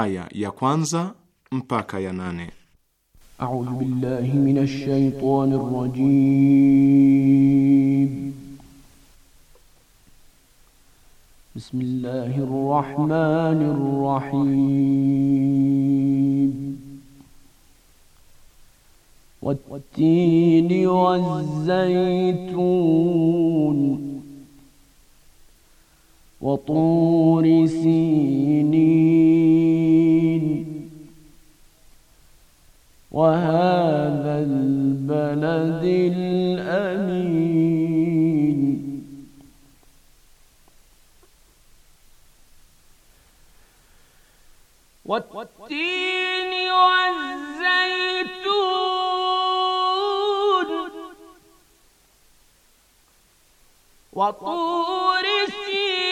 aya ya kwanza mpaka ya nane. A'udhu billahi minash shaitani rrajim. Bismillahir rahmanir rahim. والتين والزيتون وطور سينين وهذا البلد الأمين والتين والزيتون وطور السين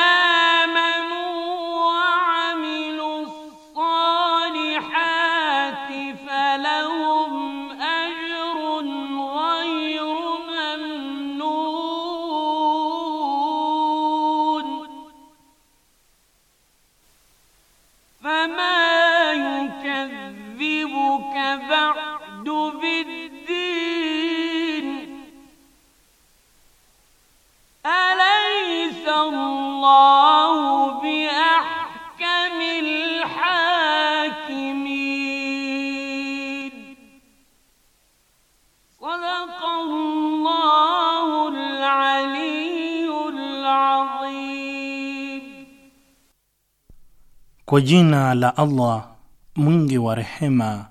يكفرك بعد بالدين أليس الله بأحكم الحاكمين صدق الله العلي العظيم kwa jina la Allah mwingi wa rehema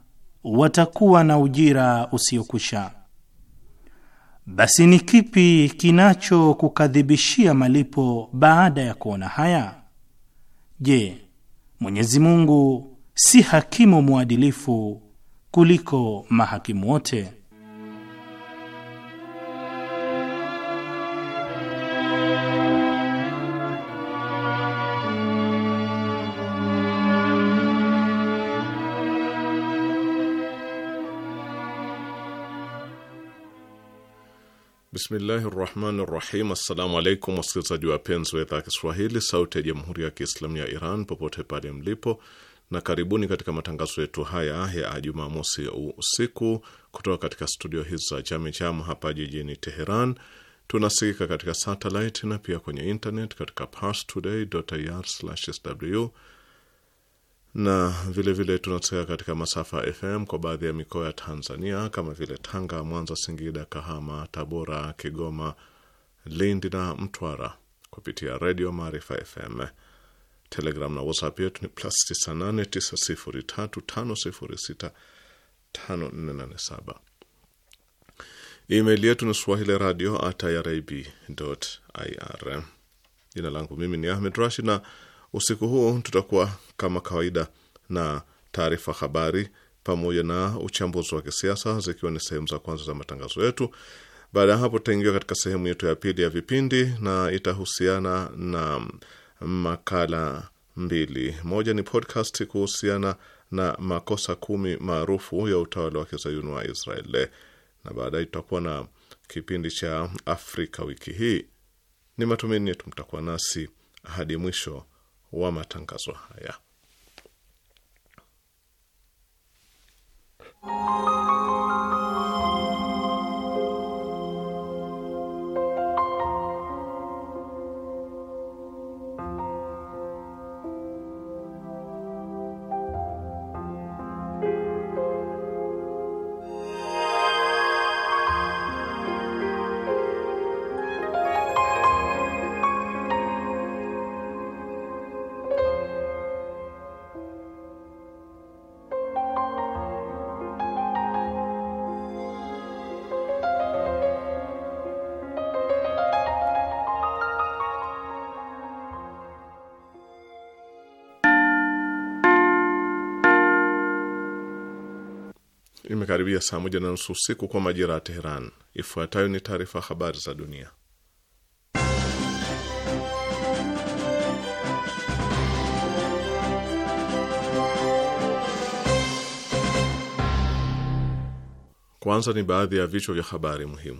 watakuwa na ujira usiokwisha. Basi ni kipi kinachokukadhibishia malipo baada ya kuona haya? Je, Mwenyezi Mungu si hakimu mwadilifu kuliko mahakimu wote? Bismillahi rahmani rahim. Assalamu alaikum wasikilizaji wapenzi wa idhaa ya Kiswahili sauti ya jamhuri ya Kiislamu ya Iran popote pale mlipo, na karibuni katika matangazo yetu haya ya Jumamosi usiku kutoka katika studio hizi za Jamejam hapa jijini Teheran. Tunasikika katika satelit na pia kwenye internet katika parstoday.ir/sw na vilevile vile katika masafa FM kwa baadhi ya mikoa ya Tanzania kama vile Tanga, Mwanza, Singida, Kahama, Tabora, Kigoma, Lindi na Mtwara kupitia Redio Maarifa FM. Telegram na WhatsApp yetu ni plus 989035065487. Email yetu ni swahili radio at irib.ir. Jina langu mimi ni Ahmed Rashid na Usiku huu tutakuwa kama kawaida na taarifa habari pamoja na uchambuzi wa kisiasa zikiwa ni sehemu za kwanza za matangazo yetu. Baada ya hapo, tutaingia katika sehemu yetu ya pili ya vipindi na itahusiana na makala mbili. Moja ni podcast kuhusiana na makosa kumi maarufu ya utawala wa kizayuni wa Israel, na baadaye tutakuwa na kipindi cha Afrika wiki hii. Ni matumaini yetu mtakuwa nasi hadi mwisho wa matangazo haya. imekaribia saa moja na nusu usiku kwa majira ya Teheran. Ifuatayo ni taarifa ya habari za dunia. Kwanza ni baadhi ya vichwa vya habari muhimu.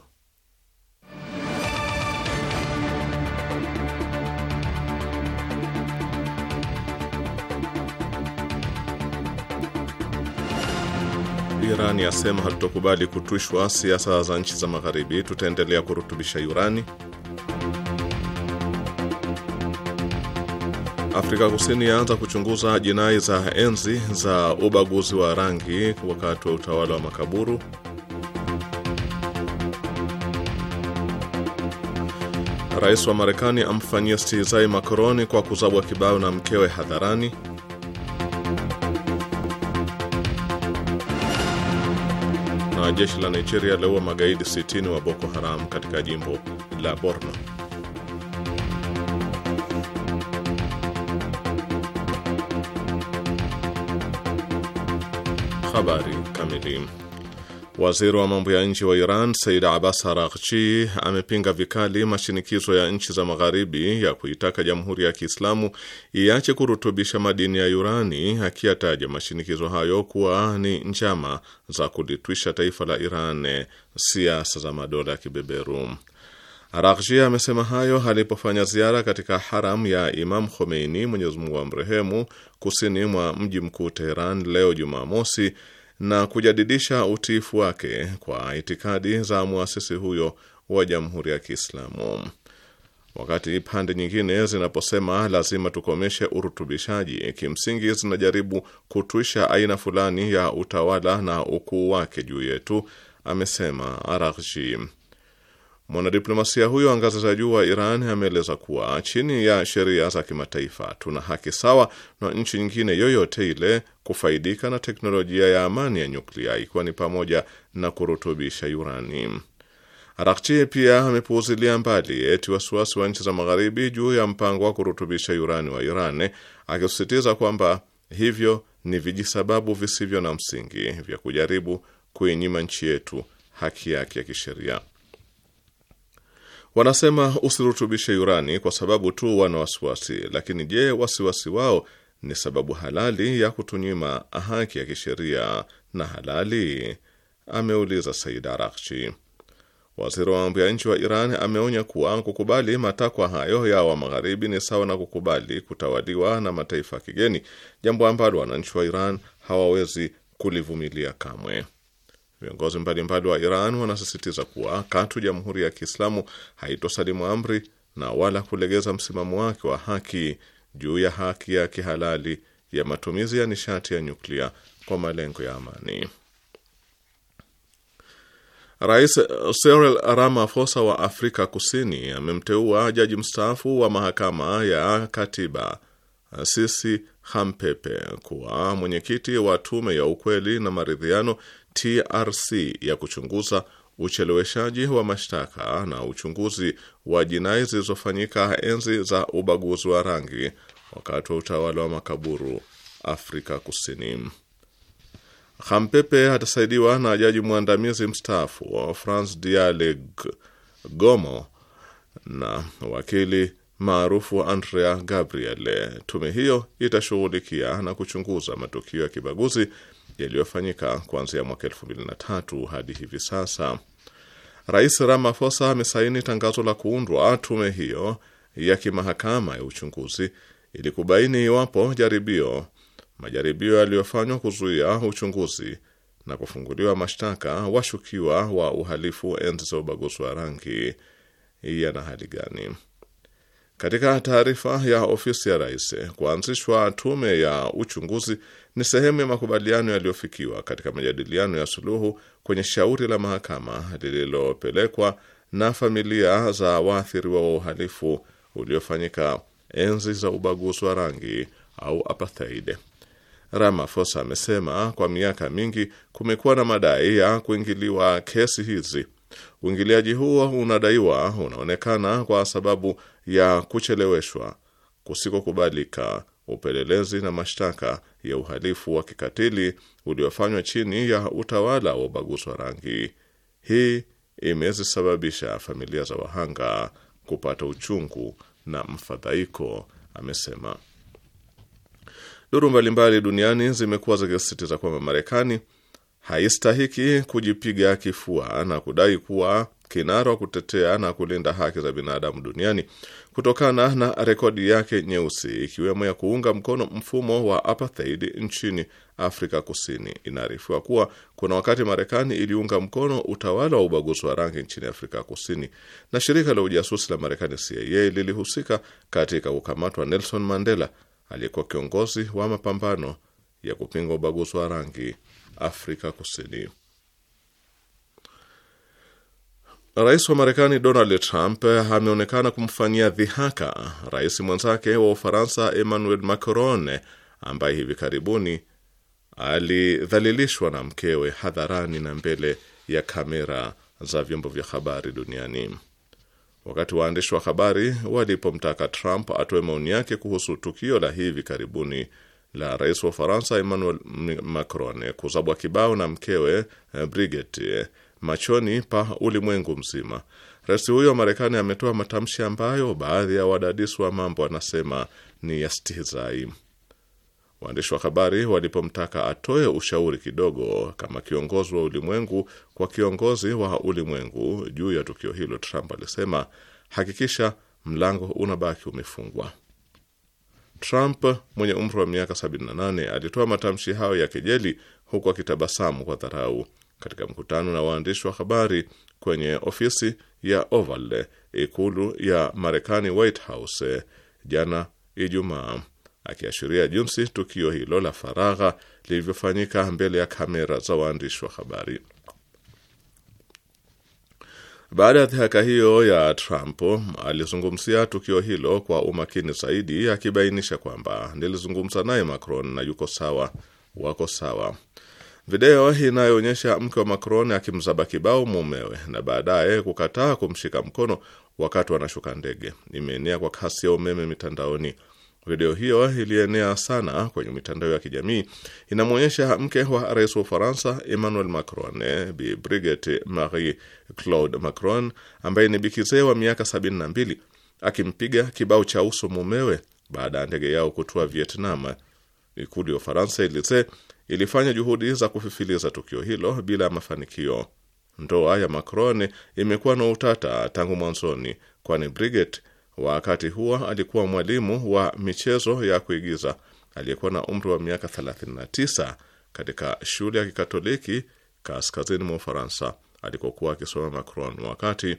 Iran yasema hatutokubali kutwishwa siasa za nchi za Magharibi, tutaendelea kurutubisha urani. Afrika Kusini yaanza kuchunguza jinai za enzi za ubaguzi wa rangi wakati wa utawala wa makaburu. Rais wa Marekani amfanyia stizai Macron kwa kuzabwa kibao na mkewe hadharani. jeshi la Nigeria laua magaidi 60 wa Boko Haram katika jimbo la Borno. Habari kamili Waziri wa mambo ya nje wa Iran Said Abbas Araghchi amepinga vikali mashinikizo ya nchi za Magharibi ya kuitaka Jamhuri ya Kiislamu iache kurutubisha madini ya urani, akiyataja mashinikizo hayo kuwa ni njama za kulitwisha taifa la Iran siasa za madola ya kibeberu. Araghchi amesema hayo alipofanya ziara katika haram ya Imam Khomeini, Mwenyezi Mungu amrehemu, kusini mwa mji mkuu Teheran leo Jumamosi na kujadidisha utiifu wake kwa itikadi za muasisi huyo wa Jamhuri ya Kiislamu. Wakati pande nyingine zinaposema lazima tukomeshe urutubishaji, kimsingi zinajaribu kutwisha aina fulani ya utawala na ukuu wake juu yetu, amesema Araghchi. Mwanadiplomasia huyo wa ngazi za juu wa Iran ameeleza kuwa chini ya sheria za kimataifa tuna haki sawa na nchi nyingine yoyote ile kufaidika na teknolojia ya amani ya nyuklia ikiwa ni pamoja na kurutubisha urani. Arakchi pia amepuuzilia mbali eti wasiwasi wa nchi za magharibi juu ya mpango wa kurutubisha urani wa Iran, akisisitiza kwamba hivyo ni vijisababu visivyo na msingi vya kujaribu kuinyima nchi yetu haki yake ya kisheria. Wanasema usirutubishe urani kwa sababu tu wana wasiwasi. Lakini je, wasiwasi wao ni sababu halali ya kutunyima haki ya kisheria na halali? Ameuliza Said Arakchi. Waziri wa mambo ya nchi wa Iran ameonya kuwa kukubali matakwa hayo ya wa magharibi ni sawa na kukubali kutawaliwa na mataifa ya kigeni, jambo ambalo wananchi wa Iran hawawezi kulivumilia kamwe. Viongozi mbalimbali wa Iran wanasisitiza kuwa katu jamhuri ya Kiislamu haitosalimu amri na wala kulegeza msimamo wake wa haki juu ya haki ya kihalali ya matumizi ya nishati ya nyuklia kwa malengo ya amani. Rais Cyril Ramaphosa wa Afrika Kusini amemteua jaji mstaafu wa mahakama ya katiba Sisi Hampepe kuwa mwenyekiti wa tume ya ukweli na maridhiano TRC ya kuchunguza ucheleweshaji wa mashtaka na uchunguzi wa jinai zilizofanyika enzi za ubaguzi wa rangi wakati wa utawala wa makaburu Afrika Kusini. Hampepe atasaidiwa na jaji mwandamizi mstaafu wa France Diale Gomo na wakili maarufu Andrea Gabriel. Tume hiyo itashughulikia na kuchunguza matukio ya kibaguzi yaliyofanyika kuanzia mwaka tatu hadi hivi sasa. Rais Ramaphosa amesaini tangazo la kuundwa tume hiyo ya kimahakama ya uchunguzi ili kubaini iwapo jaribio majaribio yaliyofanywa kuzuia uchunguzi na kufunguliwa mashtaka washukiwa wa uhalifu enzi za ubaguzi wa rangi yana hali gani. Katika taarifa ya ofisi ya rais, kuanzishwa tume ya uchunguzi ni sehemu ya makubaliano yaliyofikiwa katika majadiliano ya suluhu kwenye shauri la mahakama lililopelekwa na familia za waathiriwa wa uhalifu uliofanyika enzi za ubaguzi wa rangi au apartheid. Ramaphosa amesema kwa miaka mingi kumekuwa na madai ya kuingiliwa kesi hizi Uingiliaji huo unadaiwa unaonekana kwa sababu ya kucheleweshwa kusikokubalika upelelezi na mashtaka ya uhalifu wa kikatili uliofanywa chini ya utawala wa ubaguzi wa rangi. Hii imezisababisha familia za wahanga kupata uchungu na mfadhaiko, amesema. Duru mbalimbali duniani zimekuwa zikisisitiza kwamba Marekani haistahiki kujipiga kifua na kudai kuwa kinara kutetea na kulinda haki za binadamu duniani kutokana na rekodi yake nyeusi ikiwemo ya kuunga mkono mfumo wa apartheid nchini Afrika Kusini. Inaarifiwa kuwa kuna wakati Marekani iliunga mkono utawala wa ubaguzi wa rangi nchini Afrika Kusini, na shirika la ujasusi la Marekani CIA lilihusika katika kukamatwa Nelson Mandela aliyekuwa kiongozi wa mapambano ya kupinga ubaguzi wa rangi Afrika Kusini. Rais wa Marekani Donald Trump ameonekana kumfanyia dhihaka rais mwenzake wa Ufaransa Emmanuel Macron ambaye hivi karibuni alidhalilishwa na mkewe hadharani na mbele ya kamera za vyombo vya habari duniani. Wakati waandishi wa habari walipomtaka Trump atoe maoni yake kuhusu tukio la hivi karibuni la rais wa Ufaransa Emmanuel Macron kuzabwa kibao na mkewe eh, Brigitte eh, machoni pa ulimwengu mzima. Rais huyo wa Marekani ametoa matamshi ambayo baadhi ya wadadisi wa mambo wanasema ni ya stihizai. Waandishi wa habari walipomtaka atoe ushauri kidogo kama kiongozi wa ulimwengu kwa kiongozi wa ulimwengu juu ya tukio hilo, Trump alisema hakikisha mlango unabaki umefungwa. Trump mwenye umri wa miaka 78 alitoa matamshi hayo ya kejeli huku akitabasamu kwa dharau katika mkutano na waandishi wa habari kwenye ofisi ya Oval, ikulu ya Marekani, White House, jana Ijumaa, akiashiria jinsi tukio hilo la faragha lilivyofanyika mbele ya kamera za waandishi wa habari. Baada ya dhihaka hiyo ya Trump, alizungumzia tukio hilo kwa umakini zaidi, akibainisha kwamba nilizungumza naye Macron na yuko sawa, wako sawa. Video inayoonyesha mke wa Macron akimzaba kibao mumewe na baadaye kukataa kumshika mkono wakati wanashuka ndege imeenea kwa kasi ya umeme mitandaoni. Video hiyo ilienea sana kwenye mitandao ya kijamii, inamwonyesha mke wa rais wa Ufaransa Emmanuel Macron, eh, Bi Brigitte Marie Claude Macron, ambaye ni bikizee wa miaka 72 akimpiga kibao cha uso mumewe baada ya ndege yao kutua Vietnam. Ikulu ya Ufaransa Elisee ilifanya juhudi za kufifiliza tukio hilo bila mafanikio. Ndoa ya Macron imekuwa na utata tangu mwanzoni, kwani Brigitte Wakati huo alikuwa mwalimu wa michezo ya kuigiza aliyekuwa na umri wa miaka 39 katika shule ya Kikatoliki kaskazini mwa Ufaransa alikokuwa akisoma Macron, wakati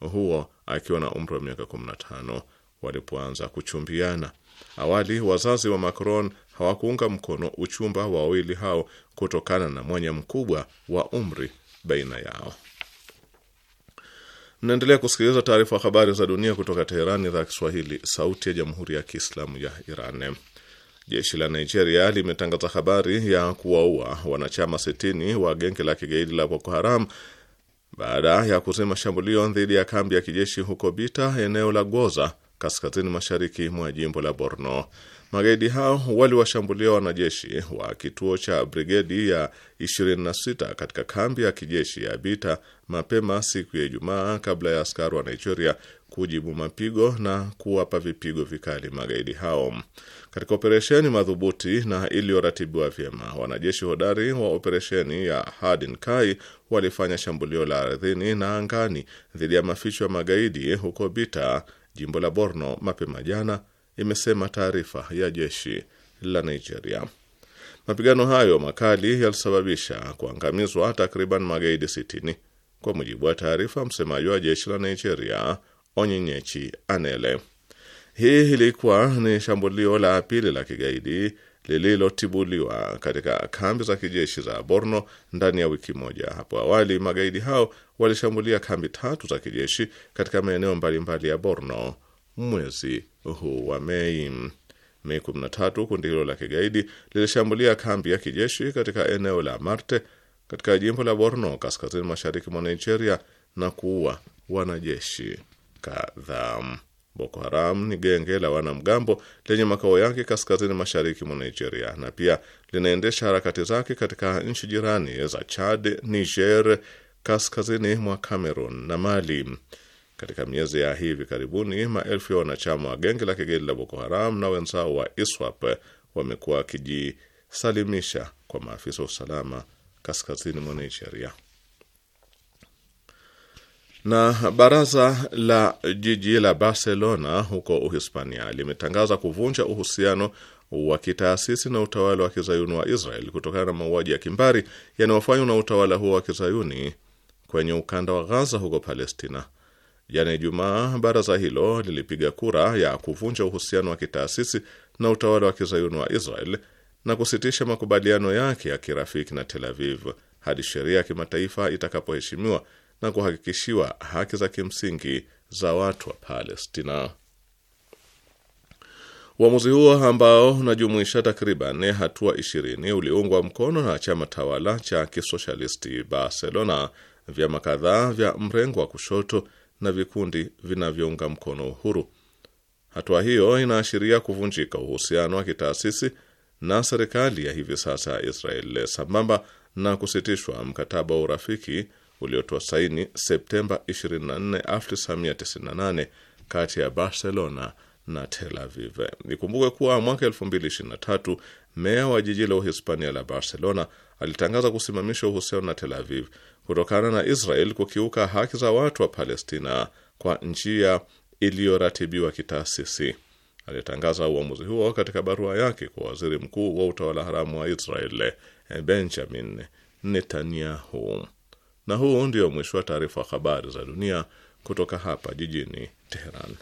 huo akiwa na umri wa miaka 15 walipoanza kuchumbiana. Awali wazazi wa Macron hawakuunga mkono uchumba wa wawili hao kutokana na mwanya mkubwa wa umri baina yao naendelea kusikiliza taarifa ya habari za dunia kutoka Teherani, idhaa ya Kiswahili, sauti ya jamhuri ya kiislamu ya Iran. Jeshi la Nigeria limetangaza habari ya kuwaua wanachama 60 wa genge la kigaidi la Boko Haram baada ya kuzima shambulio dhidi ya kambi ya kijeshi huko Bita, eneo la Goza, kaskazini mashariki mwa jimbo la Borno. Magaidi hao waliwashambulia wanajeshi wa kituo cha brigedi ya 26 katika kambi ya kijeshi ya Bita mapema siku ya Ijumaa kabla ya askari wa Nigeria kujibu mapigo na kuwapa vipigo vikali magaidi hao. Katika operesheni madhubuti na iliyoratibiwa vyema, wanajeshi hodari wa operesheni ya Hardin Kai walifanya shambulio la ardhini na angani dhidi ya maficho ya magaidi huko Bita, jimbo la Borno, mapema jana imesema taarifa ya jeshi la Nigeria. Mapigano hayo makali yalisababisha kuangamizwa takriban magaidi sitini kwa mujibu wa taarifa msemaji wa jeshi la Nigeria onyenyechi Anele. Hii ilikuwa ni shambulio la pili la kigaidi lililotibuliwa katika kambi za kijeshi za Borno ndani ya wiki moja. Hapo awali magaidi hao walishambulia kambi tatu za kijeshi katika maeneo mbalimbali ya Borno mwezi huu wa Mei. Mei 13 kundi hilo la kigaidi lilishambulia kambi ya kijeshi katika eneo la Marte katika jimbo la Borno kaskazini mashariki mwa Nigeria na kuua wanajeshi kadhaa. Boko Haram ni genge la wanamgambo lenye makao yake kaskazini mashariki mwa Nigeria na pia linaendesha harakati zake katika nchi jirani za Chad, Niger, kaskazini mwa Cameroon na Mali. Katika miezi ya hivi karibuni, maelfu ya wanachama wa genge la kigeli la Boko Haram na wenzao wa ISWAP wamekuwa wakijisalimisha kwa maafisa wa usalama kaskazini mwa Nigeria. Na baraza la jiji la Barcelona huko Uhispania limetangaza kuvunja uhusiano wa kitaasisi na utawala wa kizayuni wa Israel kutokana na mauaji ya kimbari yanayofanywa na utawala huo wa kizayuni kwenye ukanda wa Gaza huko Palestina. Jana Ijumaa, baraza hilo lilipiga kura ya kuvunja uhusiano wa kitaasisi na utawala wa kizayuni wa Israel na kusitisha makubaliano yake ya kirafiki na Tel Aviv hadi sheria ya kimataifa itakapoheshimiwa na kuhakikishiwa haki za kimsingi za watu wa Palestina. Uamuzi huo ambao unajumuisha takriban hatua ishirini uliungwa mkono na chama tawala cha kisoshalisti Barcelona, vyama kadhaa vya mrengo wa kushoto na vikundi vinavyounga mkono uhuru. Hatua hiyo inaashiria kuvunjika uhusiano wa kitaasisi na serikali ya hivi sasa ya Israel sambamba na kusitishwa mkataba wa urafiki uliotoa saini Septemba 24, 1998 kati ya Barcelona na Tel Aviv. Nikumbuke kuwa mwaka 2023 meya wa jiji la Uhispania la Barcelona alitangaza kusimamisha uhusiano na Tel Aviv kutokana na Israel kukiuka haki za watu wa Palestina kwa njia iliyoratibiwa kitaasisi. Alitangaza uamuzi huo katika barua yake kwa waziri mkuu wa utawala haramu wa Israel Benjamin Netanyahu. Na huu ndio mwisho wa taarifa habari za dunia kutoka hapa jijini Teheran.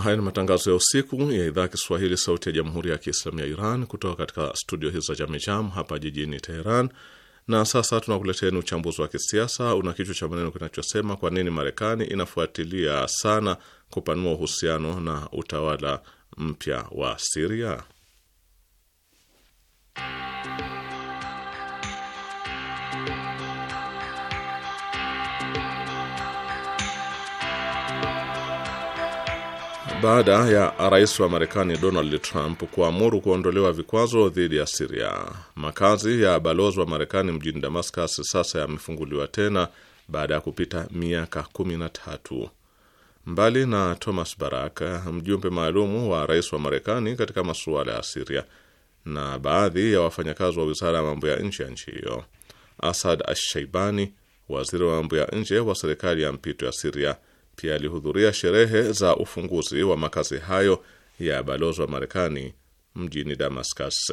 Haya ni matangazo ya usiku ya idhaa Kiswahili, sauti ya jamhuri ya kiislamu ya Iran, kutoka katika studio hizo za Jamejam hapa jijini Teheran. Na sasa tunakuleteni uchambuzi wa kisiasa una kichwa cha maneno kinachosema kwa nini Marekani inafuatilia sana kupanua uhusiano na utawala mpya wa Siria. baada ya rais wa Marekani Donald Trump kuamuru kuondolewa vikwazo dhidi ya Siria, makazi ya balozi wa Marekani mjini Damascus sasa yamefunguliwa tena baada ya kupita miaka kumi na tatu Mbali na Thomas Barak, mjumbe maalumu wa rais wa Marekani katika masuala ya Siria, na baadhi ya wafanyakazi wa wizara ya mambo ya nje ya nchi hiyo, Asad Ashaibani, waziri wa mambo ya nje wa serikali ya mpito ya Siria, pia alihudhuria sherehe za ufunguzi wa makazi hayo ya balozi wa Marekani mjini Damascus.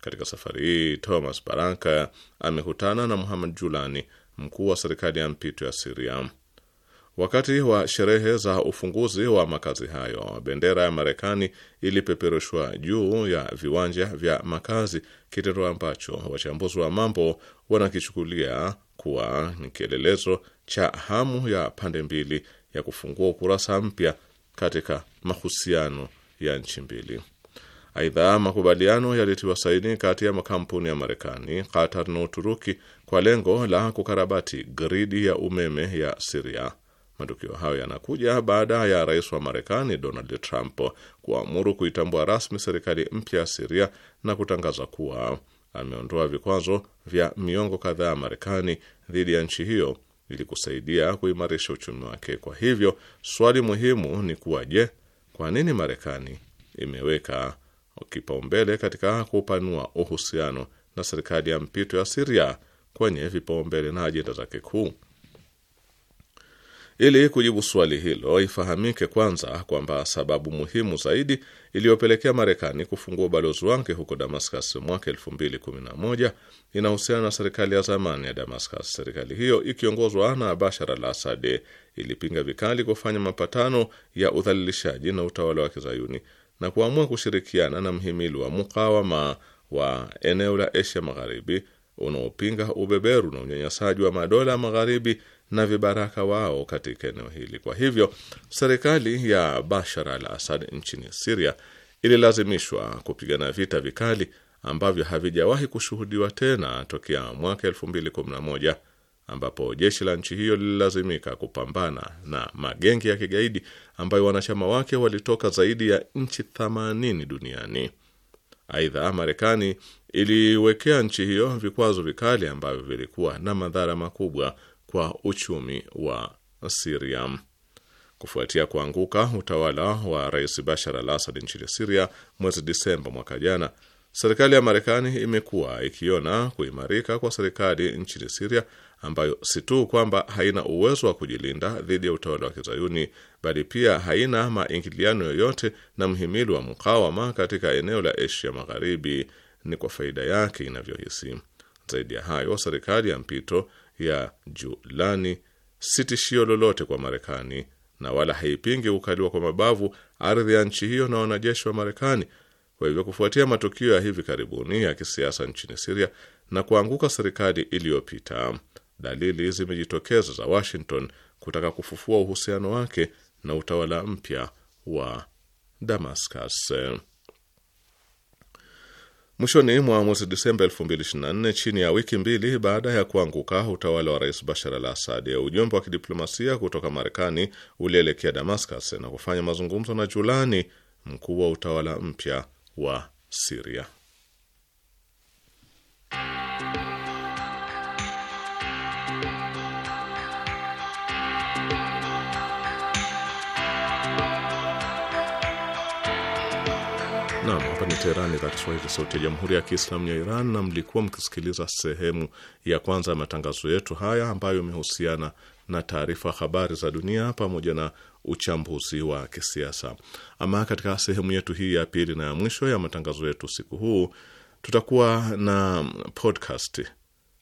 Katika safari hii Thomas baranka amekutana na Muhammad Julani, mkuu wa serikali ya mpito ya Siria. Wakati wa sherehe za ufunguzi wa makazi hayo, bendera ya Marekani ilipeperushwa juu ya viwanja vya makazi, kitendo ambacho wachambuzi wa mambo wanakichukulia kuwa ni kielelezo cha hamu ya pande mbili ya kufungua ukurasa mpya katika mahusiano ya nchi mbili. Aidha, makubaliano yalitiwa saini kati ya makampuni ya Marekani, Qatar na Uturuki kwa lengo la kukarabati gridi ya umeme ya Siria. Matukio hayo yanakuja baada ya rais wa Marekani Donald Trump kuamuru kuitambua rasmi serikali mpya ya Siria na kutangaza kuwa ameondoa vikwazo vya miongo kadhaa ya Marekani dhidi ya nchi hiyo ili kusaidia kuimarisha uchumi wake. Kwa hivyo swali muhimu ni kuwa, je, kwa nini Marekani imeweka kipaumbele katika kupanua uhusiano na serikali ya mpito ya Siria kwenye vipaumbele na ajenda zake kuu? Ili kujibu swali hilo, ifahamike kwanza kwamba sababu muhimu zaidi iliyopelekea Marekani kufungua ubalozi wake huko Damascus mwaka 2011 inahusiana na serikali ya zamani ya Damascus. Serikali hiyo ikiongozwa na Bashar al Asad ilipinga vikali kufanya mapatano ya udhalilishaji na utawala wa kizayuni na kuamua kushirikiana na mhimili wa mukawama wa eneo la Asia Magharibi unaopinga ubeberu na unyanyasaji wa madola magharibi na vibaraka wao katika eneo hili. Kwa hivyo, serikali ya Bashar al Asad nchini Siria ililazimishwa kupigana vita vikali ambavyo havijawahi kushuhudiwa tena tokea mwaka 2011 ambapo jeshi la nchi hiyo lililazimika kupambana na magenge ya kigaidi ambayo wanachama wake walitoka zaidi ya nchi 80 duniani. Aidha, Marekani iliwekea nchi hiyo vikwazo vikali ambavyo vilikuwa na madhara makubwa kwa uchumi wa Siria. Kufuatia kuanguka utawala wa Rais Bashar al Assad nchini Siria mwezi Disemba mwaka jana, serikali ya Marekani imekuwa ikiona kuimarika kwa serikali nchini Siria ambayo si tu kwamba haina uwezo wa kujilinda dhidi ya utawala wa Kizayuni bali pia haina maingiliano yoyote na mhimili wa mukawama katika eneo la Asia Magharibi, ni kwa faida yake inavyohisi. Zaidi ya hayo, serikali ya mpito ya Julani si tishio lolote kwa Marekani na wala haipingi ukaliwa kwa mabavu ardhi ya nchi hiyo na wanajeshi wa Marekani. Kwa hivyo, kufuatia matukio ya hivi karibuni ya kisiasa nchini Siria na kuanguka serikali iliyopita, dalili zimejitokeza za Washington kutaka kufufua uhusiano wake na utawala mpya wa Damascus. Mwishoni mwa mwezi Disemba 2024, chini ya wiki mbili baada ya kuanguka utawala wa rais Bashar al Assad, ujumbe wa kidiplomasia kutoka Marekani ulielekea Damascus na kufanya mazungumzo na Julani, mkuu wa utawala mpya wa Siria. Naam, hapa ni Teherani, idhaa Kiswahili, sauti ya jamhuri ya kiislamu ya Iran, na mlikuwa mkisikiliza sehemu ya kwanza ya matangazo yetu haya ambayo imehusiana na taarifa habari za dunia pamoja na uchambuzi wa kisiasa. Ama katika sehemu yetu hii ya pili na ya mwisho ya matangazo yetu siku huu tutakuwa na podcast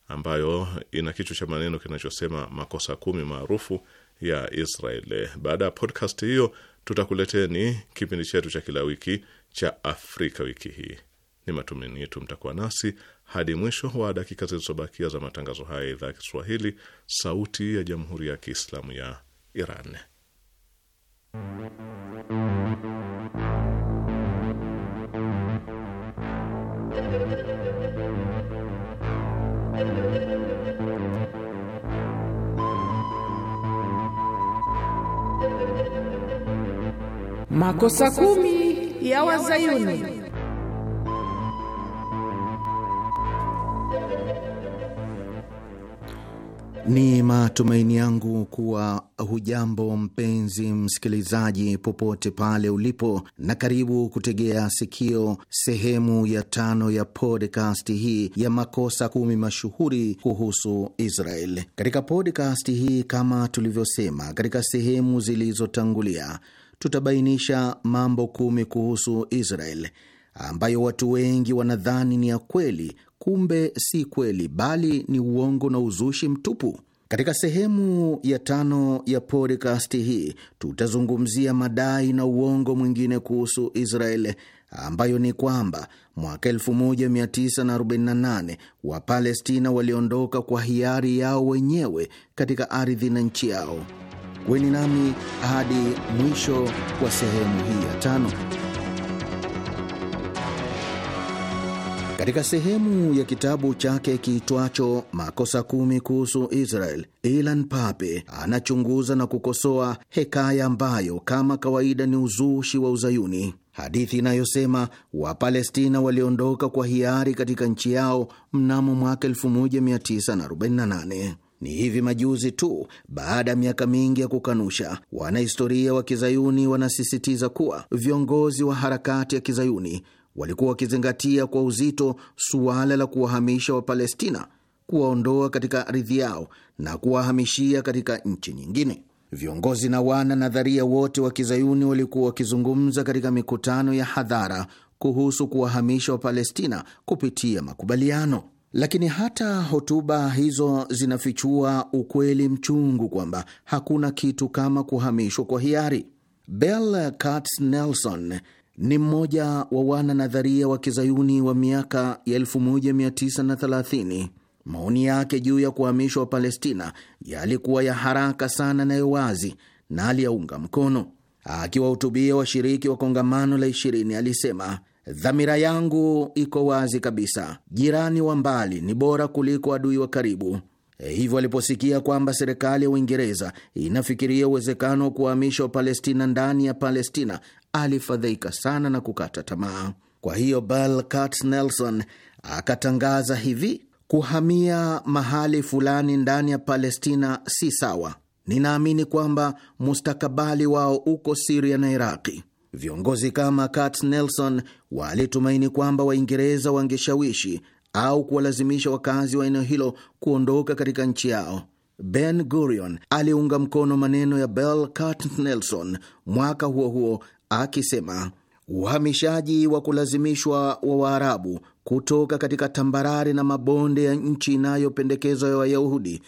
ambayo ina kichwa cha maneno kinachosema makosa kumi maarufu ya Israeli. Baada ya podcast hiyo tutakuleteni kipindi chetu cha kila wiki cha Afrika wiki hii. Ni matumaini yetu mtakuwa nasi hadi mwisho wa dakika zilizobakia za matangazo haya ya idhaa ya Kiswahili, Sauti ya Jamhuri ya Kiislamu ya Iran. Makosa kumi ya Wazayuni. Ni matumaini yangu kuwa hujambo mpenzi msikilizaji, popote pale ulipo, na karibu kutegea sikio sehemu ya tano ya podcast hii ya makosa kumi mashuhuri kuhusu Israel. Katika podcast hii, kama tulivyosema katika sehemu zilizotangulia tutabainisha mambo kumi kuhusu Israel ambayo watu wengi wanadhani ni ya kweli, kumbe si kweli, bali ni uongo na uzushi mtupu. Katika sehemu ya tano ya podcast hii tutazungumzia madai na uongo mwingine kuhusu Israel ambayo ni kwamba mwaka 1948 Wapalestina waliondoka kwa hiari yao wenyewe katika ardhi na nchi yao. Weni nami hadi mwisho wa sehemu hii ya tano. Katika sehemu ya kitabu chake kiitwacho Makosa Kumi kuhusu Israel, Ilan Pape anachunguza na kukosoa hekaya ambayo kama kawaida ni uzushi wa Uzayuni, hadithi inayosema Wapalestina waliondoka kwa hiari katika nchi yao mnamo mwaka 1948. Ni hivi majuzi tu, baada ya miaka mingi ya kukanusha, wanahistoria wa kizayuni wanasisitiza kuwa viongozi wa harakati ya kizayuni walikuwa wakizingatia kwa uzito suala la kuwahamisha Wapalestina, kuwaondoa katika ardhi yao na kuwahamishia katika nchi nyingine. Viongozi na wana nadharia wote wa kizayuni walikuwa wakizungumza katika mikutano ya hadhara kuhusu kuwahamisha Wapalestina kupitia makubaliano. Lakini hata hotuba hizo zinafichua ukweli mchungu kwamba hakuna kitu kama kuhamishwa kwa hiari. Bell Katz Nelson ni mmoja wa wana nadharia wa kizayuni wa miaka ya 1930. Maoni yake juu ya kuhamishwa wa Palestina yalikuwa ya haraka sana na ya wazi, na aliyaunga mkono. Akiwahutubia washiriki wa kongamano la ishirini alisema Dhamira yangu iko wazi kabisa, jirani wa mbali ni bora kuliko adui wa karibu. Eh, hivyo aliposikia kwamba serikali ya Uingereza inafikiria uwezekano wa kuwahamisha Wapalestina ndani ya Palestina, alifadhaika sana na kukata tamaa. Kwa hiyo Bal Kat Nelson akatangaza hivi: kuhamia mahali fulani ndani ya Palestina si sawa. Ninaamini kwamba mustakabali wao uko Siria na Iraqi. Viongozi kama Kurt Nelson walitumaini kwamba Waingereza wangeshawishi au kuwalazimisha wakazi wa eneo hilo kuondoka katika nchi yao. Ben Gurion aliunga mkono maneno ya Bell Curt Nelson mwaka huo huo akisema, uhamishaji wa kulazimishwa wa Waarabu kutoka katika tambarare na mabonde ya nchi inayopendekezwa ya Wayahudi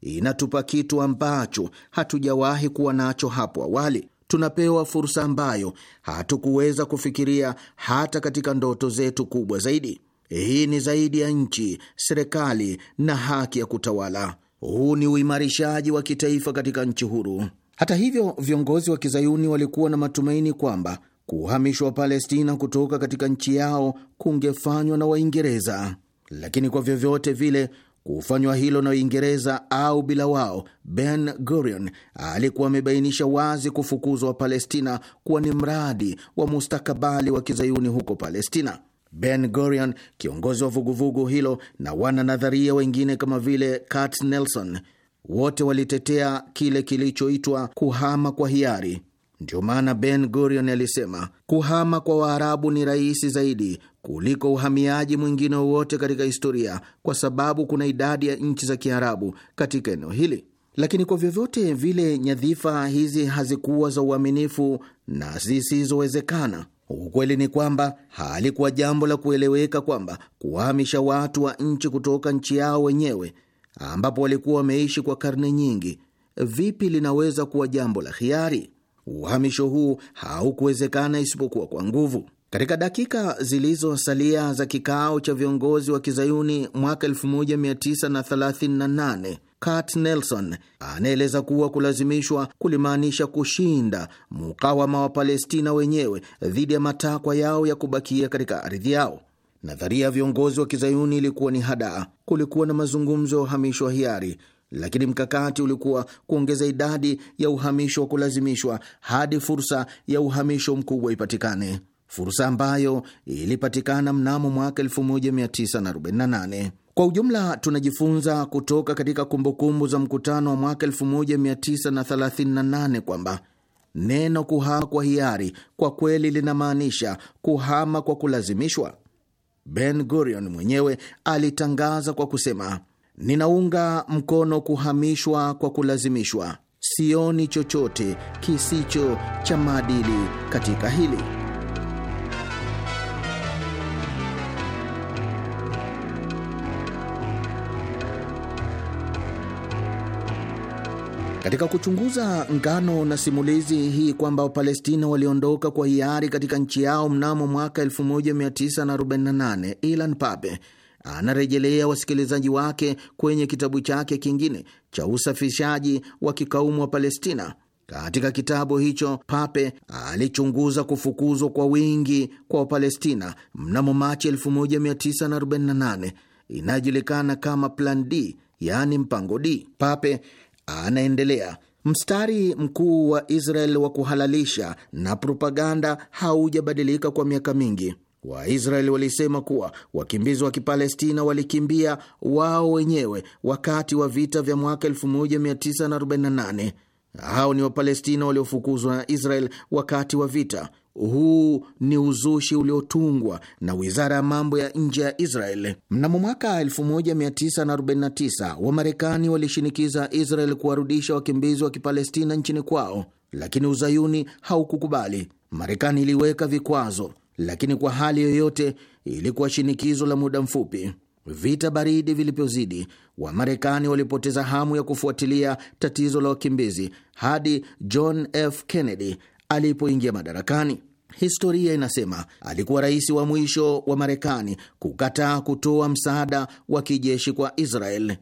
inatupa kitu ambacho hatujawahi kuwa nacho hapo awali tunapewa fursa ambayo hatukuweza kufikiria hata katika ndoto zetu kubwa zaidi. Hii ni zaidi ya nchi, serikali na haki ya kutawala. Huu ni uimarishaji wa kitaifa katika nchi huru. Hata hivyo, viongozi wa kizayuni walikuwa na matumaini kwamba kuhamishwa wa Palestina kutoka katika nchi yao kungefanywa na Waingereza, lakini kwa vyovyote vile Kufanywa hilo na Uingereza au bila wao, Ben Gurion alikuwa amebainisha wazi kufukuzwa wa palestina kuwa ni mradi wa mustakabali wa kizayuni huko Palestina. Ben Gurion, kiongozi wa vuguvugu hilo, na wananadharia wengine kama vile Kurt Nelson, wote walitetea kile kilichoitwa kuhama kwa hiari. ndio maana Ben Gurion alisema kuhama kwa Waarabu ni rahisi zaidi kuliko uhamiaji mwingine wowote katika historia, kwa sababu kuna idadi ya nchi za Kiarabu katika eneo hili. Lakini kwa vyovyote vile, nyadhifa hizi hazikuwa za uaminifu na zisizowezekana. Ukweli ni kwamba halikuwa jambo la kueleweka kwamba kuwahamisha watu wa nchi kutoka nchi yao wenyewe ambapo walikuwa wameishi kwa karne nyingi, vipi linaweza kuwa jambo la hiari? Uhamisho huu haukuwezekana isipokuwa kwa nguvu. Katika dakika zilizosalia za kikao cha viongozi wa kizayuni mwaka 1938 Kurt Nelson anaeleza kuwa kulazimishwa kulimaanisha kushinda mukawama wa Palestina wenyewe dhidi ya matakwa yao ya kubakia katika ardhi yao. Nadharia ya viongozi wa kizayuni ilikuwa ni hadaa. Kulikuwa na mazungumzo ya uhamisho wa hiari, lakini mkakati ulikuwa kuongeza idadi ya uhamisho wa kulazimishwa hadi fursa ya uhamisho mkubwa ipatikane fursa ambayo ilipatikana mnamo mwaka 1948. Kwa ujumla tunajifunza kutoka katika kumbukumbu za mkutano wa mwaka 1938 kwamba neno kuhama kwa hiari kwa kweli linamaanisha kuhama kwa kulazimishwa. Ben Gurion mwenyewe alitangaza kwa kusema, ninaunga mkono kuhamishwa kwa kulazimishwa. Sioni chochote kisicho cha maadili katika hili. Katika kuchunguza ngano na simulizi hii kwamba Wapalestina waliondoka kwa hiari katika nchi yao mnamo mwaka 1948 Ilan Pape anarejelea wasikilizaji wake kwenye kitabu chake kingine cha usafishaji wa kikaumu wa Palestina. Katika kitabu hicho Pape alichunguza kufukuzwa kwa wingi kwa Wapalestina mnamo Machi 1948 inayojulikana kama Plan D, yaani mpango D. Pape Anaendelea, mstari mkuu wa Israel wa kuhalalisha na propaganda haujabadilika kwa miaka mingi. Waisraeli walisema kuwa wakimbizi wa Kipalestina walikimbia wao wenyewe wakati wa vita vya mwaka 1948. Hao ni Wapalestina waliofukuzwa na Israel wakati wa vita huu ni uzushi uliotungwa na wizara ya mambo ya nje ya Israel. Mnamo mwaka 1949 Wamarekani walishinikiza Israel kuwarudisha wakimbizi wa Kipalestina nchini kwao, lakini uzayuni haukukubali. Marekani iliweka vikwazo, lakini kwa hali yoyote ilikuwa shinikizo la muda mfupi. Vita baridi vilipozidi, Wamarekani walipoteza hamu ya kufuatilia tatizo la wakimbizi hadi John F. Kennedy alipoingia madarakani. Historia inasema alikuwa rais wa mwisho wa Marekani kukataa kutoa msaada wa kijeshi kwa Israel.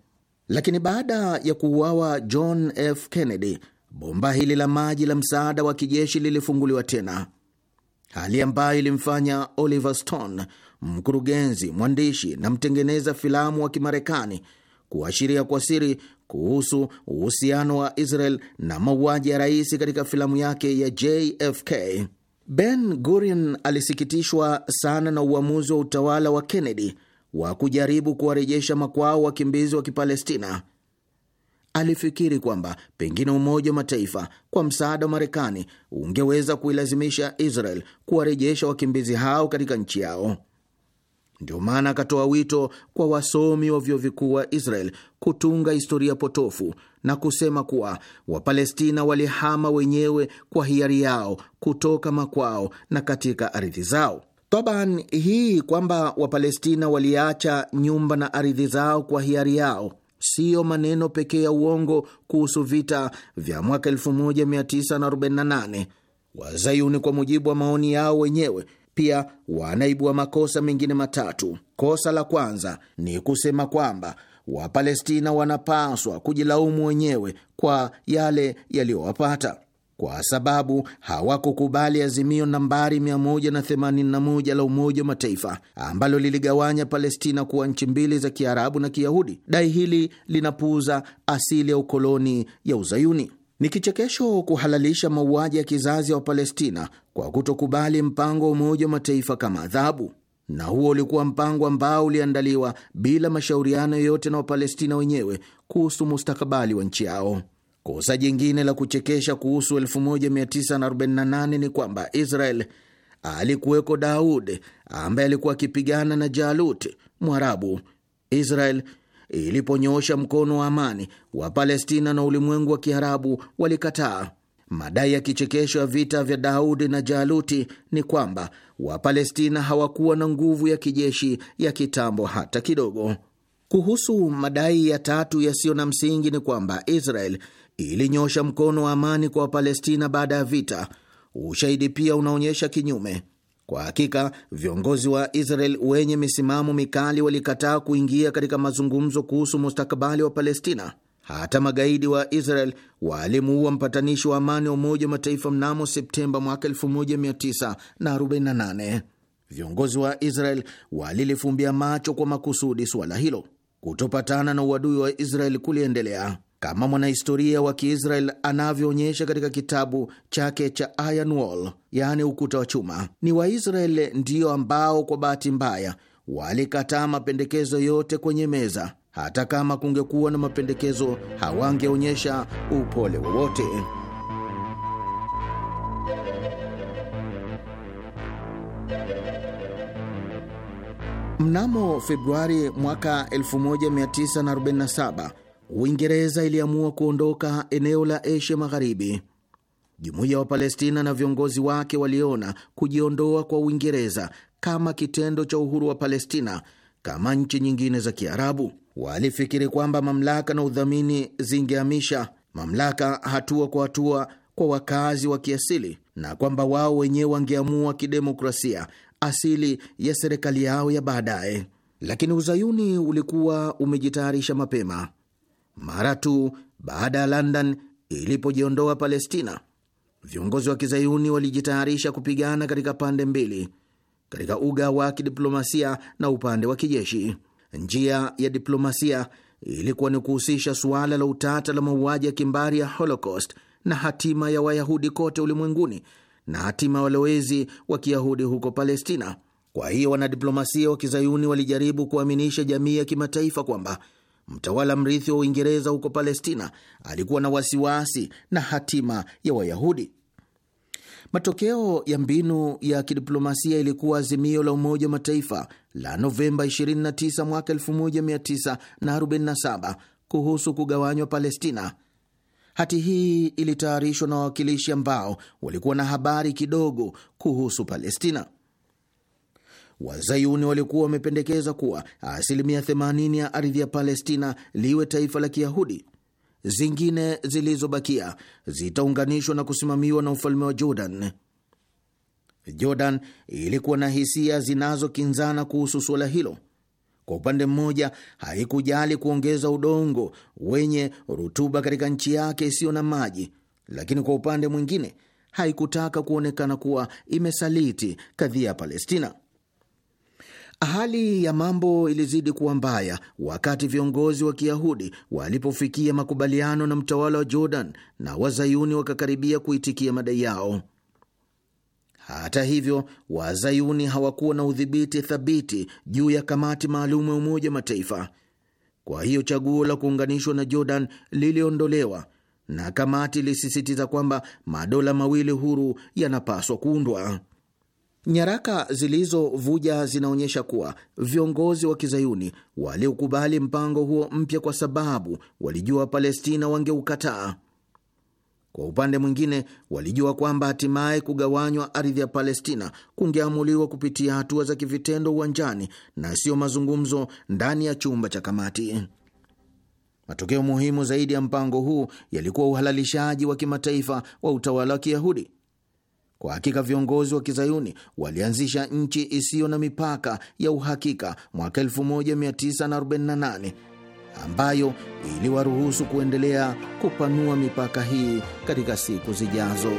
Lakini baada ya kuuawa John F. Kennedy, bomba hili la maji la msaada wa kijeshi lilifunguliwa tena, hali ambayo ilimfanya Oliver Stone, mkurugenzi, mwandishi na mtengeneza filamu wa Kimarekani, kuashiria kwa siri kuhusu uhusiano wa Israel na mauaji ya rais katika filamu yake ya JFK. Ben Gurion alisikitishwa sana na uamuzi wa utawala wa Kennedy wa kujaribu kuwarejesha makwao wakimbizi wa Kipalestina. Alifikiri kwamba pengine Umoja wa Mataifa kwa msaada wa Marekani ungeweza kuilazimisha Israel kuwarejesha wakimbizi hao katika nchi yao. Ndio maana akatoa wito kwa wasomi wa vyuo vikuu wa Israel kutunga historia potofu na kusema kuwa Wapalestina walihama wenyewe kwa hiari yao kutoka makwao na katika ardhi zao. Taban, hii kwamba Wapalestina waliacha nyumba na ardhi zao kwa hiari yao siyo maneno pekee ya uongo kuhusu vita vya mwaka 1948. Wazayuni, kwa mujibu wa maoni yao wenyewe pia wanaibua makosa mengine matatu. Kosa la kwanza ni kusema kwamba Wapalestina wanapaswa kujilaumu wenyewe kwa yale yaliyowapata kwa sababu hawakukubali azimio nambari 181 la Umoja wa Mataifa ambalo liligawanya Palestina kuwa nchi mbili za Kiarabu na Kiyahudi. Dai hili linapuuza asili ya ukoloni ya Uzayuni. Ni kichekesho kuhalalisha mauaji ya kizazi ya Wapalestina kwa kutokubali mpango wa Umoja wa Mataifa kama adhabu, na huo ulikuwa mpango ambao uliandaliwa bila mashauriano yoyote na Wapalestina wenyewe kuhusu mustakabali wa nchi yao. Kosa jingine la kuchekesha kuhusu 1948 ni kwamba Israel alikuweko Daud ambaye alikuwa akipigana na Jalut Mwarabu. Israel iliponyoosha mkono wa amani, wa Palestina na ulimwengu wa Kiarabu walikataa. Madai ya kichekesho ya vita vya Daudi na Jaluti ni kwamba Wapalestina hawakuwa na nguvu ya kijeshi ya kitambo hata kidogo. Kuhusu madai ya tatu yasiyo na msingi ni kwamba Israel ilinyosha mkono wa amani kwa Wapalestina baada ya vita. Ushahidi pia unaonyesha kinyume. Kwa hakika viongozi wa Israel wenye misimamo mikali walikataa kuingia katika mazungumzo kuhusu mustakabali wa Palestina. Hata magaidi wa Israel walimuua mpatanishi wa amani wa Umoja wa Mataifa mnamo Septemba mwaka 1948. Viongozi wa Israel walilifumbia macho kwa makusudi suala hilo. Kutopatana na uadui wa Israel kuliendelea kama mwanahistoria wa Kiisrael anavyoonyesha katika kitabu chake cha Iron Wall, yaani ukuta wa chuma. Ni waisrael ndio ambao kwa bahati mbaya walikataa mapendekezo yote kwenye meza. Hata kama kungekuwa na mapendekezo, hawangeonyesha upole wowote. Mnamo Februari mwaka 1947 Uingereza iliamua kuondoka eneo la Asia Magharibi. Jumuiya wa Palestina na viongozi wake waliona kujiondoa kwa Uingereza kama kitendo cha uhuru wa Palestina. Kama nchi nyingine za Kiarabu, walifikiri kwamba mamlaka na udhamini zingehamisha mamlaka hatua kwa hatua kwa wakazi wa kiasili na kwamba wao wenyewe wangeamua kidemokrasia asili ya serikali yao ya baadaye. Lakini uzayuni ulikuwa umejitayarisha mapema mara tu baada ya London ilipojiondoa Palestina. Viongozi wa kizayuni walijitayarisha kupigana katika pande mbili, katika uga wa kidiplomasia na upande wa kijeshi. Njia ya diplomasia ilikuwa ni kuhusisha suala la utata la mauaji ya kimbari ya Holocaust na hatima ya Wayahudi kote ulimwenguni na hatima ya walowezi wa Kiyahudi huko Palestina. Kwa hiyo wanadiplomasia wa kizayuni walijaribu kuaminisha jamii ya kimataifa kwamba Mtawala mrithi wa Uingereza huko Palestina alikuwa na wasiwasi na hatima ya Wayahudi. Matokeo ya mbinu ya kidiplomasia ilikuwa azimio la Umoja wa Mataifa la Novemba 29 mwaka 1947 kuhusu kugawanywa Palestina. Hati hii ilitayarishwa na wawakilishi ambao walikuwa na habari kidogo kuhusu Palestina. Wazayuni walikuwa wamependekeza kuwa asilimia 80 ya ardhi ya Palestina liwe taifa la Kiyahudi. Zingine zilizobakia zitaunganishwa na kusimamiwa na ufalme wa Jordan. Jordan ilikuwa na hisia zinazokinzana kuhusu suala hilo. Kwa upande mmoja, haikujali kuongeza udongo wenye rutuba katika nchi yake isiyo na maji, lakini kwa upande mwingine haikutaka kuonekana kuwa imesaliti kadhia ya Palestina. Hali ya mambo ilizidi kuwa mbaya wakati viongozi wa Kiyahudi walipofikia makubaliano na mtawala wa Jordan na Wazayuni wakakaribia kuitikia madai yao. Hata hivyo, Wazayuni hawakuwa na udhibiti thabiti juu ya kamati maalum ya Umoja wa Mataifa. Kwa hiyo chaguo la kuunganishwa na Jordan liliondolewa na kamati ilisisitiza kwamba madola mawili huru yanapaswa kuundwa. Nyaraka zilizovuja zinaonyesha kuwa viongozi wa kizayuni waliokubali mpango huo mpya kwa sababu walijua Palestina wangeukataa. Kwa upande mwingine, walijua kwamba hatimaye kugawanywa ardhi ya Palestina kungeamuliwa kupitia hatua za kivitendo uwanjani na siyo mazungumzo ndani ya chumba cha kamati. Matokeo muhimu zaidi ya mpango huu yalikuwa uhalalishaji wa kimataifa wa utawala wa Kiyahudi. Kwa hakika viongozi wa kizayuni walianzisha nchi isiyo na mipaka ya uhakika mwaka 1948 ambayo iliwaruhusu kuendelea kupanua mipaka hii katika siku zijazo.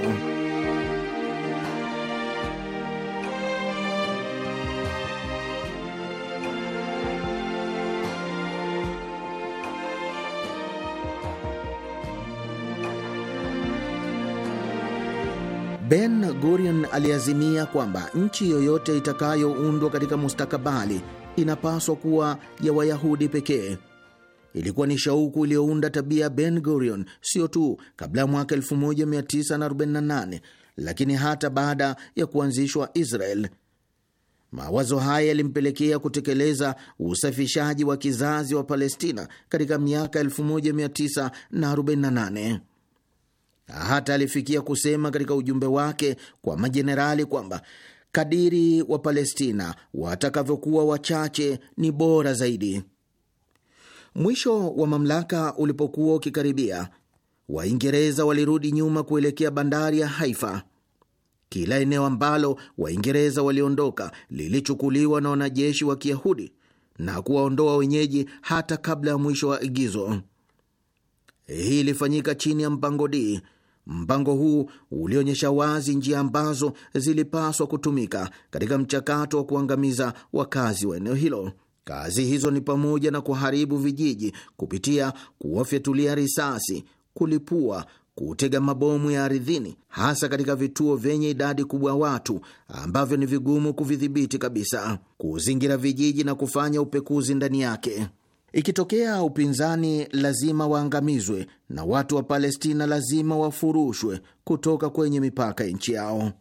Ben Gurion aliazimia kwamba nchi yoyote itakayoundwa katika mustakabali inapaswa kuwa ya Wayahudi pekee. Ilikuwa ni shauku iliyounda tabia ya Ben Gurion sio tu kabla ya mwaka 1948 lakini hata baada ya kuanzishwa Israel. Mawazo haya yalimpelekea kutekeleza usafishaji wa kizazi wa Palestina katika miaka 1948. Hata alifikia kusema katika ujumbe wake kwa majenerali kwamba kadiri wa Palestina watakavyokuwa wachache ni bora zaidi. Mwisho wa mamlaka ulipokuwa ukikaribia, Waingereza walirudi nyuma kuelekea bandari ya Haifa. Kila eneo ambalo Waingereza waliondoka lilichukuliwa na wanajeshi wa Kiyahudi na kuwaondoa wenyeji hata kabla ya mwisho wa igizo Hii ilifanyika chini ya mpango dii Mpango huu ulionyesha wazi njia ambazo zilipaswa kutumika katika mchakato wa kuangamiza wakazi wa eneo hilo. Kazi hizo ni pamoja na kuharibu vijiji kupitia kuwafyatulia risasi, kulipua, kutega mabomu ya ardhini, hasa katika vituo vyenye idadi kubwa ya watu ambavyo ni vigumu kuvidhibiti kabisa, kuzingira vijiji na kufanya upekuzi ndani yake. Ikitokea upinzani lazima waangamizwe na watu wa Palestina lazima wafurushwe kutoka kwenye mipaka ya nchi yao.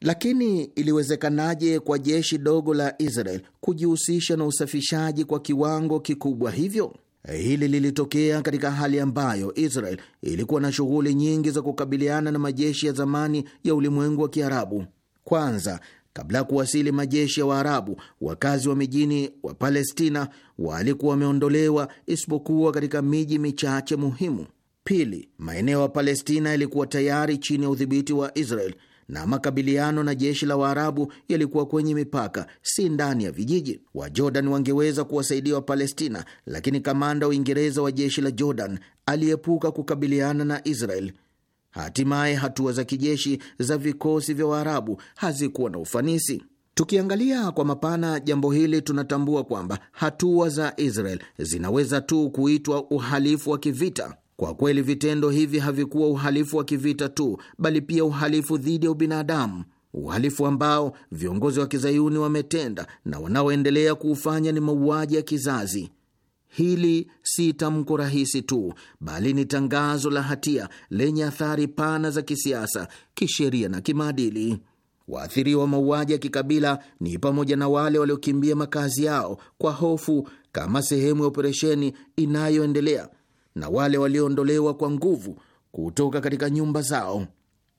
Lakini iliwezekanaje kwa jeshi dogo la Israel kujihusisha na usafishaji kwa kiwango kikubwa hivyo? Hili lilitokea katika hali ambayo Israel ilikuwa na shughuli nyingi za kukabiliana na majeshi ya zamani ya ulimwengu wa Kiarabu. Kwanza Kabla ya kuwasili majeshi ya Waarabu, wakazi wa mijini wa Palestina walikuwa wameondolewa isipokuwa katika miji michache muhimu. Pili, maeneo ya Palestina yalikuwa tayari chini ya udhibiti wa Israel na makabiliano na jeshi la Waarabu yalikuwa kwenye mipaka, si ndani ya vijiji. wajordan wangeweza kuwasaidia Wapalestina, lakini kamanda wa Uingereza wa jeshi la Jordan aliepuka kukabiliana na Israel. Hatimaye hatua za kijeshi za vikosi vya Waarabu hazikuwa na ufanisi. Tukiangalia kwa mapana jambo hili, tunatambua kwamba hatua za Israel zinaweza tu kuitwa uhalifu wa kivita. Kwa kweli, vitendo hivi havikuwa uhalifu wa kivita tu, bali pia uhalifu dhidi ya ubinadamu, uhalifu ambao viongozi wa kizayuni wametenda na wanaoendelea kuufanya ni mauaji ya kizazi. Hili si tamko rahisi tu, bali ni tangazo la hatia lenye athari pana za kisiasa, kisheria na kimaadili. Waathiriwa wa mauaji ya kikabila ni pamoja na wale waliokimbia makazi yao kwa hofu kama sehemu ya operesheni inayoendelea na wale walioondolewa kwa nguvu kutoka katika nyumba zao.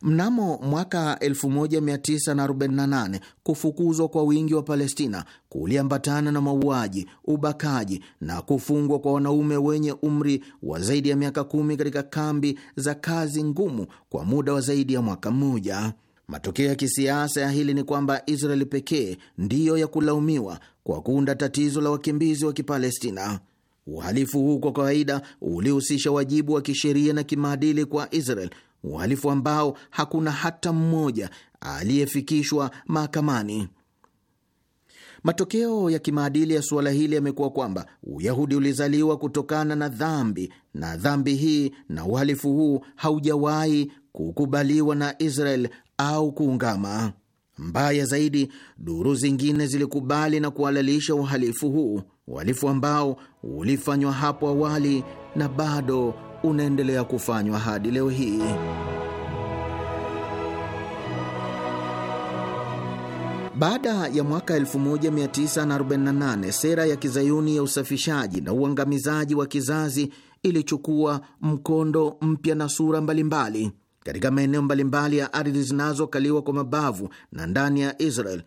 Mnamo mwaka 1948 kufukuzwa kwa wingi wa Palestina kuliambatana na mauaji, ubakaji na kufungwa kwa wanaume wenye umri wa zaidi ya miaka kumi katika kambi za kazi ngumu kwa muda wa zaidi ya mwaka mmoja. Matokeo ya kisiasa ya hili ni kwamba Israeli pekee ndiyo ya kulaumiwa kwa kuunda tatizo la wakimbizi wa Kipalestina. Uhalifu huu kwa kawaida ulihusisha wajibu wa kisheria na kimaadili kwa Israel uhalifu ambao hakuna hata mmoja aliyefikishwa mahakamani. Matokeo ya kimaadili ya suala hili yamekuwa kwamba Uyahudi ulizaliwa kutokana na dhambi, na dhambi hii na uhalifu huu haujawahi kukubaliwa na Israel au kuungama. Mbaya zaidi, duru zingine zilikubali na kuhalalisha uhalifu huu, uhalifu ambao ulifanywa hapo awali na bado unaendelea kufanywa hadi leo hii. Baada ya mwaka 1948 sera ya kizayuni ya usafishaji na uangamizaji wa kizazi ilichukua mkondo mpya na sura mbalimbali katika maeneo mbalimbali ya ardhi zinazokaliwa kwa mabavu na ndani ya Israel.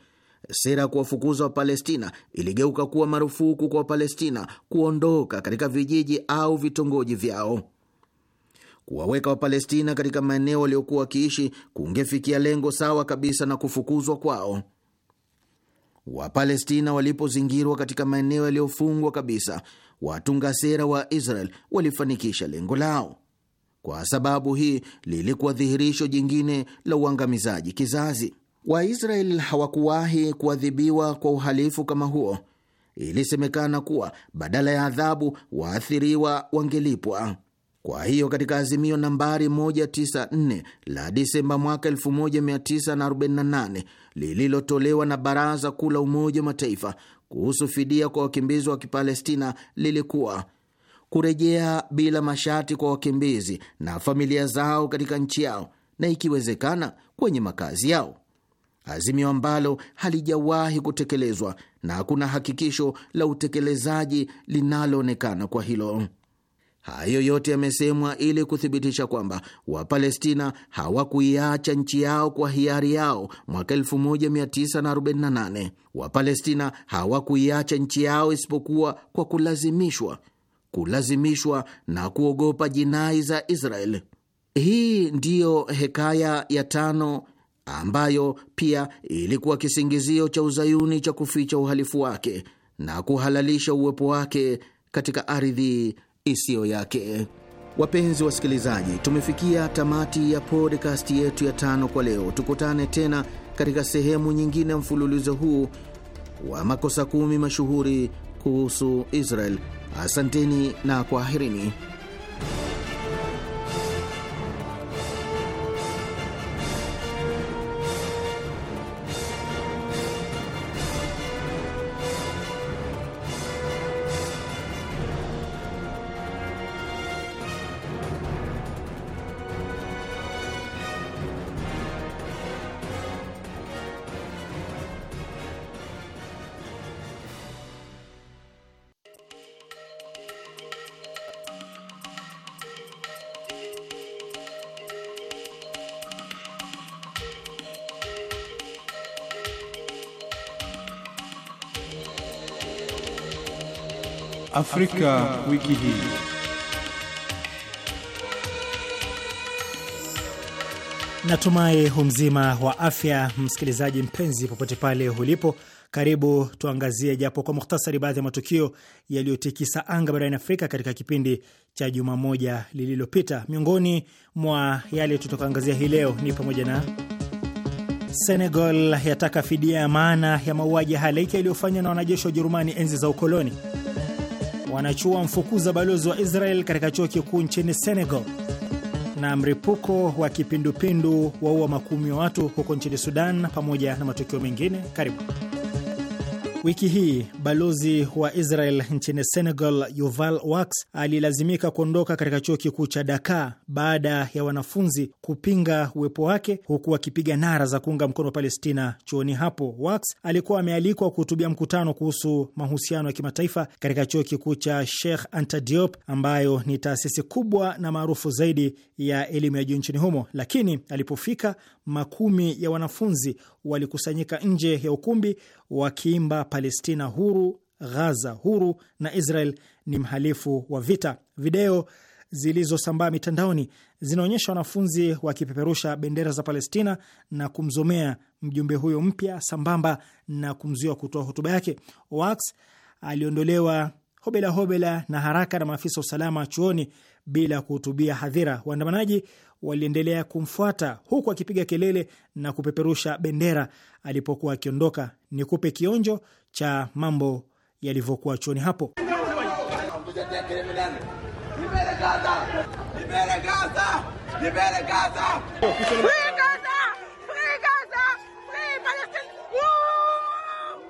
Sera ya kuwafukuza Wapalestina iligeuka kuwa marufuku kwa Wapalestina kuondoka katika vijiji au vitongoji vyao kuwaweka Wapalestina katika maeneo waliokuwa wakiishi kungefikia lengo sawa kabisa na kufukuzwa kwao. Wapalestina walipozingirwa katika maeneo yaliyofungwa kabisa, watunga sera wa Israel walifanikisha lengo lao. Kwa sababu hii, lilikuwa dhihirisho jingine la uangamizaji kizazi. waisrael hawakuwahi kuadhibiwa kwa uhalifu kama huo. Ilisemekana kuwa badala ya adhabu, waathiriwa wangelipwa. Kwa hiyo katika azimio nambari 194 la Disemba mwaka 1948 lililotolewa na Baraza Kuu la Umoja wa Mataifa kuhusu fidia kwa wakimbizi wa Kipalestina lilikuwa kurejea bila masharti kwa wakimbizi na familia zao katika nchi yao na ikiwezekana kwenye makazi yao, azimio ambalo halijawahi kutekelezwa na hakuna hakikisho la utekelezaji linaloonekana kwa hilo. Hayo yote yamesemwa ili kuthibitisha kwamba Wapalestina hawakuiacha nchi yao kwa hiari yao mwaka 1948. Wapalestina hawakuiacha nchi yao isipokuwa kwa kulazimishwa, kulazimishwa na kuogopa jinai za Israel. Hii ndiyo hekaya ya tano ambayo pia ilikuwa kisingizio cha uzayuni cha kuficha uhalifu wake na kuhalalisha uwepo wake katika ardhi isiyo yake. Wapenzi wasikilizaji, tumefikia tamati ya podcast yetu ya tano kwa leo. Tukutane tena katika sehemu nyingine ya mfululizo huu wa makosa kumi mashuhuri kuhusu Israel. Asanteni na kwaherini. Afrika, wiki hii. Natumai humzima wa afya, msikilizaji mpenzi, popote pale ulipo. Karibu tuangazie japo kwa muhtasari baadhi ya matukio yaliyotikisa anga barani Afrika katika kipindi cha juma moja lililopita. Miongoni mwa yale tutakaangazia hii leo ni pamoja na Senegal yataka fidia ya maana ya mauaji ya halaiki yaliyofanywa na wanajeshi wa Ujerumani enzi za ukoloni wanachua mfukuza balozi wa Israel katika chuo kikuu nchini Senegal, na mripuko wa kipindupindu waua makumi ya watu huko nchini Sudan, pamoja na matukio mengine. Karibu. Wiki hii balozi wa Israel nchini Senegal, Yuval Wax, alilazimika kuondoka katika chuo kikuu cha Dakar baada ya wanafunzi kupinga uwepo wake huku wakipiga nara za kuunga mkono wa Palestina chuoni hapo. Wax alikuwa amealikwa kuhutubia mkutano kuhusu mahusiano ya kimataifa katika chuo kikuu cha Sheikh Anta Diop, ambayo ni taasisi kubwa na maarufu zaidi ya elimu ya juu nchini humo, lakini alipofika makumi ya wanafunzi walikusanyika nje ya ukumbi wakiimba Palestina huru, Ghaza huru na Israel ni mhalifu wa vita. Video zilizosambaa mitandaoni zinaonyesha wanafunzi wakipeperusha bendera za Palestina na kumzomea mjumbe huyo mpya sambamba na kumzuia kutoa hotuba yake. Wax aliondolewa hobela hobela na haraka na maafisa wa usalama chuoni bila kuhutubia hadhira. Waandamanaji waliendelea kumfuata huku akipiga kelele na kupeperusha bendera alipokuwa akiondoka. Ni kupe kionjo cha mambo yalivyokuwa chuoni hapo.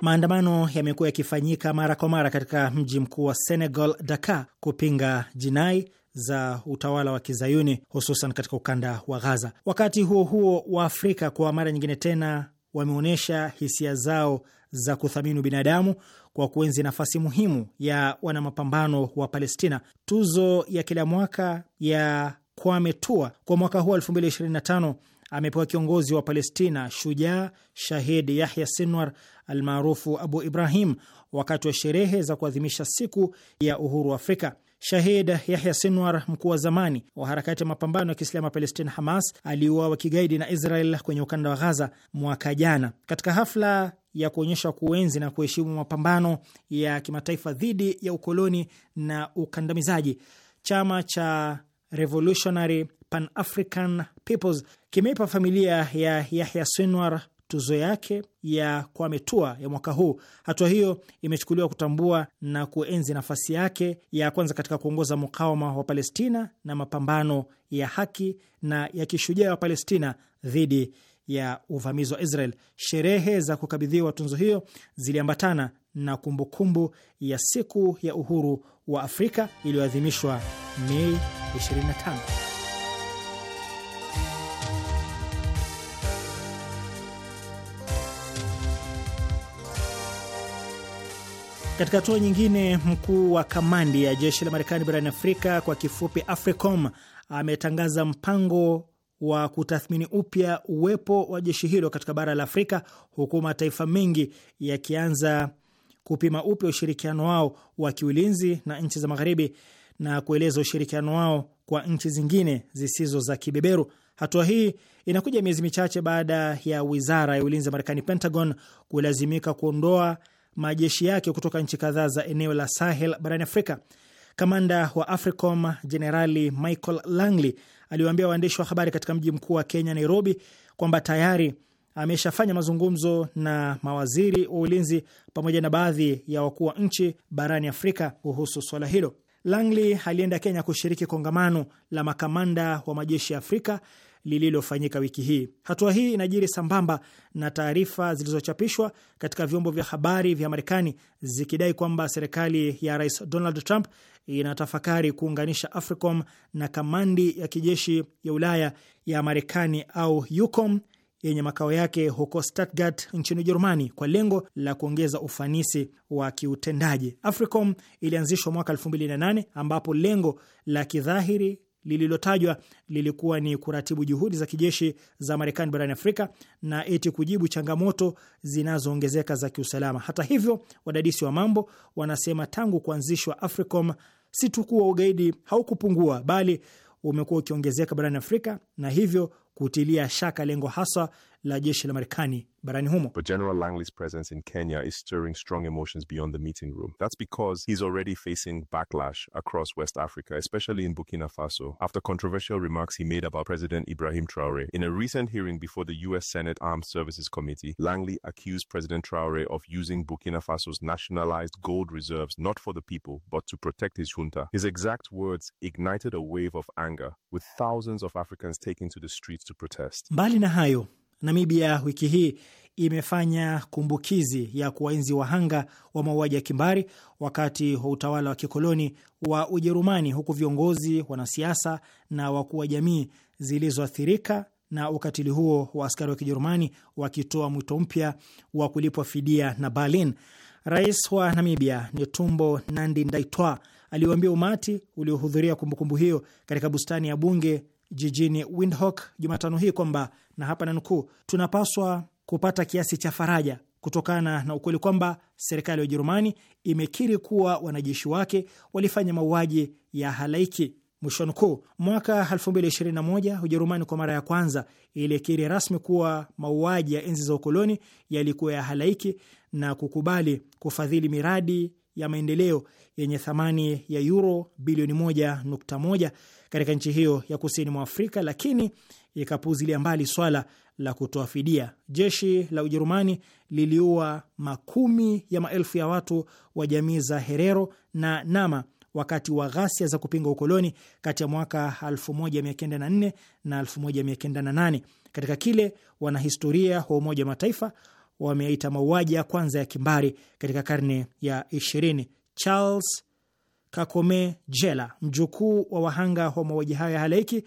Maandamano yamekuwa yakifanyika mara kwa mara katika mji mkuu wa Senegal, Dakar, kupinga jinai za utawala wa kizayuni hususan katika ukanda wa Ghaza. Wakati huo huo, Waafrika kwa mara nyingine tena wameonyesha hisia zao za kuthamini binadamu kwa kuenzi nafasi muhimu ya wanamapambano wa Palestina. Tuzo ya kila mwaka ya Kwame Tua kwa mwaka huu 2025 amepewa kiongozi wa Palestina shujaa shahid Yahya Sinwar almaarufu Abu Ibrahim wakati wa sherehe za kuadhimisha siku ya uhuru wa Afrika. Shahid Yahya Sinwar, mkuu wa zamani wa harakati ya mapambano ya Kiislamu ya Palestina, Hamas, aliuawa kigaidi na Israel kwenye ukanda wa Ghaza mwaka jana katika hafla ya kuonyesha kuenzi na kuheshimu mapambano ya kimataifa dhidi ya ukoloni na ukandamizaji. Chama cha Revolutionary Pan African Peoples kimeipa familia ya Yahya Sinwar tuzo yake ya Kwame Tua ya mwaka huu. Hatua hiyo imechukuliwa kutambua na kuenzi nafasi yake ya kwanza katika kuongoza mukawama wa Palestina na mapambano ya haki na ya kishujaa wa Palestina dhidi ya uvamizi wa Israel. Sherehe za kukabidhiwa tunzo hiyo ziliambatana na kumbukumbu kumbu ya siku ya uhuru wa Afrika iliyoadhimishwa Mei 25. Katika hatua nyingine, mkuu wa kamandi ya jeshi la Marekani barani Afrika, kwa kifupi AFRICOM, ametangaza mpango wa kutathmini upya uwepo wa jeshi hilo katika bara la Afrika, huku mataifa mengi yakianza kupima upya ushirikiano wao wa kiulinzi na nchi za Magharibi na kueleza ushirikiano wao kwa nchi zingine zisizo za kibeberu. Hatua hii inakuja miezi michache baada ya wizara ya ulinzi ya Marekani, Pentagon, kulazimika kuondoa majeshi yake kutoka nchi kadhaa za eneo la Sahel barani Afrika. Kamanda wa AFRICOM Jenerali Michael Langley aliwaambia waandishi wa habari katika mji mkuu wa Kenya, Nairobi, kwamba tayari ameshafanya mazungumzo na mawaziri wa ulinzi pamoja na baadhi ya wakuu wa nchi barani Afrika kuhusu swala hilo. Langley alienda Kenya kushiriki kongamano la makamanda wa majeshi ya Afrika lililofanyika wiki hii. Hatua hii inajiri sambamba na taarifa zilizochapishwa katika vyombo vya habari vya Marekani zikidai kwamba serikali ya Rais Donald Trump inatafakari kuunganisha AFRICOM na kamandi ya kijeshi ya Ulaya ya Marekani au EUCOM yenye makao yake huko Stuttgart nchini Ujerumani kwa lengo la kuongeza ufanisi wa kiutendaji. AFRICOM ilianzishwa mwaka 2008 ambapo lengo la kidhahiri lililotajwa lilikuwa ni kuratibu juhudi za kijeshi za Marekani barani Afrika na eti kujibu changamoto zinazoongezeka za kiusalama. Hata hivyo, wadadisi wa mambo wanasema tangu kuanzishwa AFRICOM si tu kuwa ugaidi haukupungua, bali umekuwa ukiongezeka barani Afrika na hivyo kutilia shaka lengo haswa la jeshi la Marekani barani humo. But General Langley's presence in Kenya is stirring strong emotions beyond the meeting room. That's because he's already facing backlash across West Africa, especially in Burkina Faso, after controversial remarks he made about President Ibrahim Traore. In a recent hearing before the U.S. Senate Armed Services Committee, Langley accused President Traore of using Burkina Faso's nationalized gold reserves not for the people, but to protect his junta. His exact words ignited a wave of anger, with thousands of Africans taking to the streets to protest. Mbali na hayo Namibia wiki hii imefanya kumbukizi ya kuwaenzi wahanga wa mauaji ya kimbari wakati wa utawala wa kikoloni wa Ujerumani, huku viongozi, wanasiasa na wakuu wa jamii zilizoathirika na ukatili huo wa askari wa Kijerumani wakitoa mwito mpya wa kulipwa fidia na Berlin. Rais wa Namibia Netumbo Nandi Ndaitwa aliwaambia umati uliohudhuria kumbukumbu hiyo katika bustani ya bunge jijini Windhoek Jumatano hii kwamba na hapa nanukuu, tunapaswa kupata kiasi cha faraja kutokana na ukweli kwamba serikali ya Ujerumani imekiri kuwa wanajeshi wake walifanya mauaji ya halaiki, mwisho nukuu. Mwaka 2021 Ujerumani kwa mara ya kwanza ilikiri rasmi kuwa mauaji ya enzi za ukoloni yalikuwa ya halaiki na kukubali kufadhili miradi ya maendeleo yenye thamani ya euro bilioni 1.1 katika nchi hiyo ya kusini mwa Afrika, lakini ikapuzilia mbali swala la kutoa fidia. Jeshi la Ujerumani liliua makumi ya maelfu ya watu wa jamii za Herero na Nama wakati wa ghasia za kupinga ukoloni kati ya mwaka 1904 na 1908 katika kile wanahistoria wa Umoja wa Mataifa wameita mauaji ya kwanza ya kimbari katika karne ya 20. Charles Kakome Jela, mjukuu wa wahanga wa mauaji hayo ya halaiki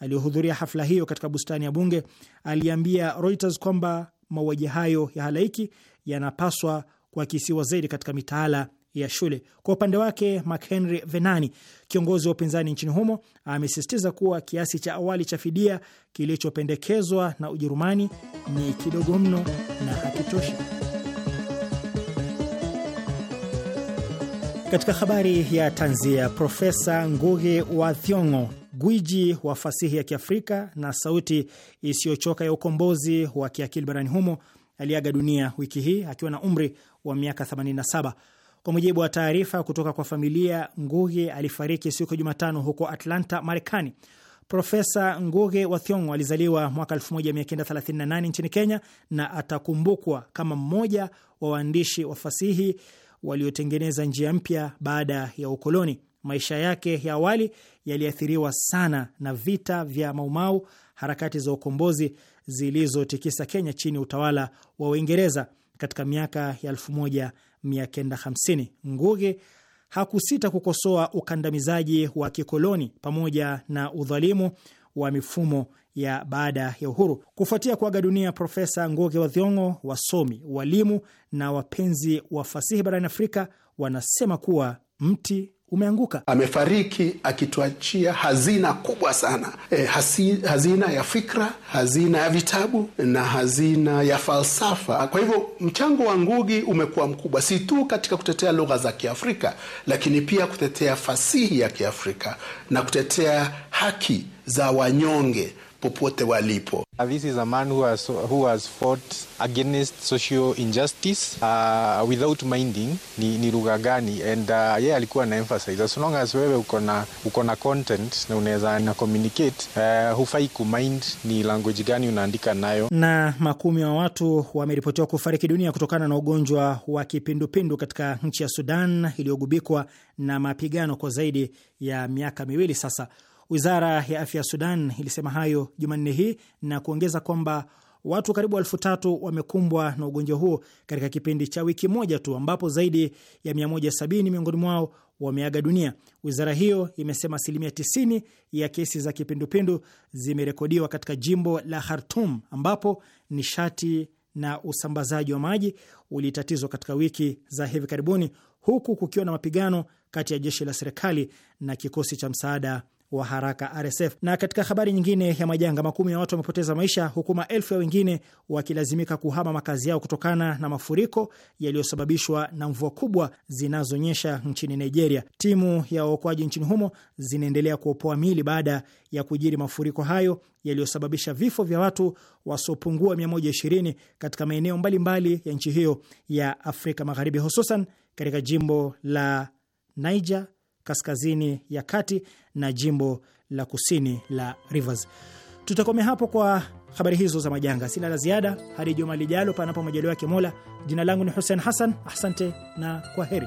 aliyohudhuria hafla hiyo katika bustani ya bunge, aliambia Reuters kwamba mauaji hayo ya halaiki yanapaswa kuakisiwa zaidi katika mitaala ya shule. Kwa upande wake, McHenry Venani, kiongozi wa upinzani nchini humo, amesisitiza kuwa kiasi cha awali cha fidia kilichopendekezwa na Ujerumani ni kidogo mno na hakitoshi. Katika habari ya tanzia, Profesa Ngugi wa Thiong'o, gwiji wa fasihi ya Kiafrika na sauti isiyochoka ya ukombozi wa kiakili barani humo, aliaga dunia wiki hii akiwa na umri wa miaka 87. Kwa mujibu wa taarifa kutoka kwa familia, Ngugi alifariki siku ya Jumatano huko Atlanta, Marekani. Profesa Ngugi wa Thiong'o alizaliwa mwaka 1938 nchini Kenya na atakumbukwa kama mmoja wa waandishi wa fasihi waliotengeneza njia mpya baada ya ukoloni. Maisha yake ya awali yaliathiriwa sana na vita vya Maumau, harakati za ukombozi zilizotikisa Kenya chini ya utawala wa Uingereza katika miaka ya 1950. Ngugi hakusita kukosoa ukandamizaji wa kikoloni pamoja na udhalimu wa mifumo ya baada ya uhuru. Kufuatia kuaga dunia Profesa ngoge wa Thiong'o, wasomi, walimu na wapenzi wa fasihi barani Afrika wanasema kuwa mti umeanguka. Amefariki akituachia hazina kubwa sana e, hasi, hazina ya fikra, hazina ya vitabu na hazina ya falsafa. Kwa hivyo mchango wa Ngugi umekuwa mkubwa, si tu katika kutetea lugha za Kiafrika, lakini pia kutetea fasihi ya Kiafrika na kutetea haki za wanyonge popote walipo. man who has, who has fought against social injustice uh, without minding ni, ni lugha gani and uh, ye yeah, alikuwa na emphasize as long as wewe uko na uko na content na unaweza na communicate uh, hufai kumind ni language gani unaandika nayo. Na makumi wa watu wameripotiwa kufariki dunia kutokana na ugonjwa wa kipindupindu katika nchi ya Sudan iliyogubikwa na mapigano kwa zaidi ya miaka miwili sasa. Wizara ya afya ya Sudan ilisema hayo Jumanne hii na kuongeza kwamba watu karibu elfu tatu wamekumbwa na ugonjwa huo katika kipindi cha wiki moja tu, ambapo zaidi ya 170 miongoni mwao wameaga dunia. Wizara hiyo imesema asilimia 90 ya kesi za kipindupindu zimerekodiwa katika jimbo la Khartum, ambapo nishati na usambazaji wa maji ulitatizwa katika wiki za hivi karibuni, huku kukiwa na mapigano kati ya jeshi la serikali na kikosi cha msaada wa haraka RSF. Na katika habari nyingine ya majanga, makumi ya watu wamepoteza maisha huku maelfu ya wengine wakilazimika kuhama makazi yao kutokana na mafuriko yaliyosababishwa na mvua kubwa zinazonyesha nchini Nigeria. Timu ya waokoaji nchini humo zinaendelea kuopoa mili baada ya kujiri mafuriko hayo yaliyosababisha vifo vya watu wasiopungua 120 katika maeneo mbalimbali ya nchi hiyo ya Afrika Magharibi, hususan katika jimbo la Niger kaskazini ya kati na jimbo la kusini la Rivers. Tutakomea hapo kwa habari hizo za majanga. Sina la ziada hadi juma lijalo, panapo majaliwa ya Mola. Jina langu ni Hussein Hassan, asante na kwa heri.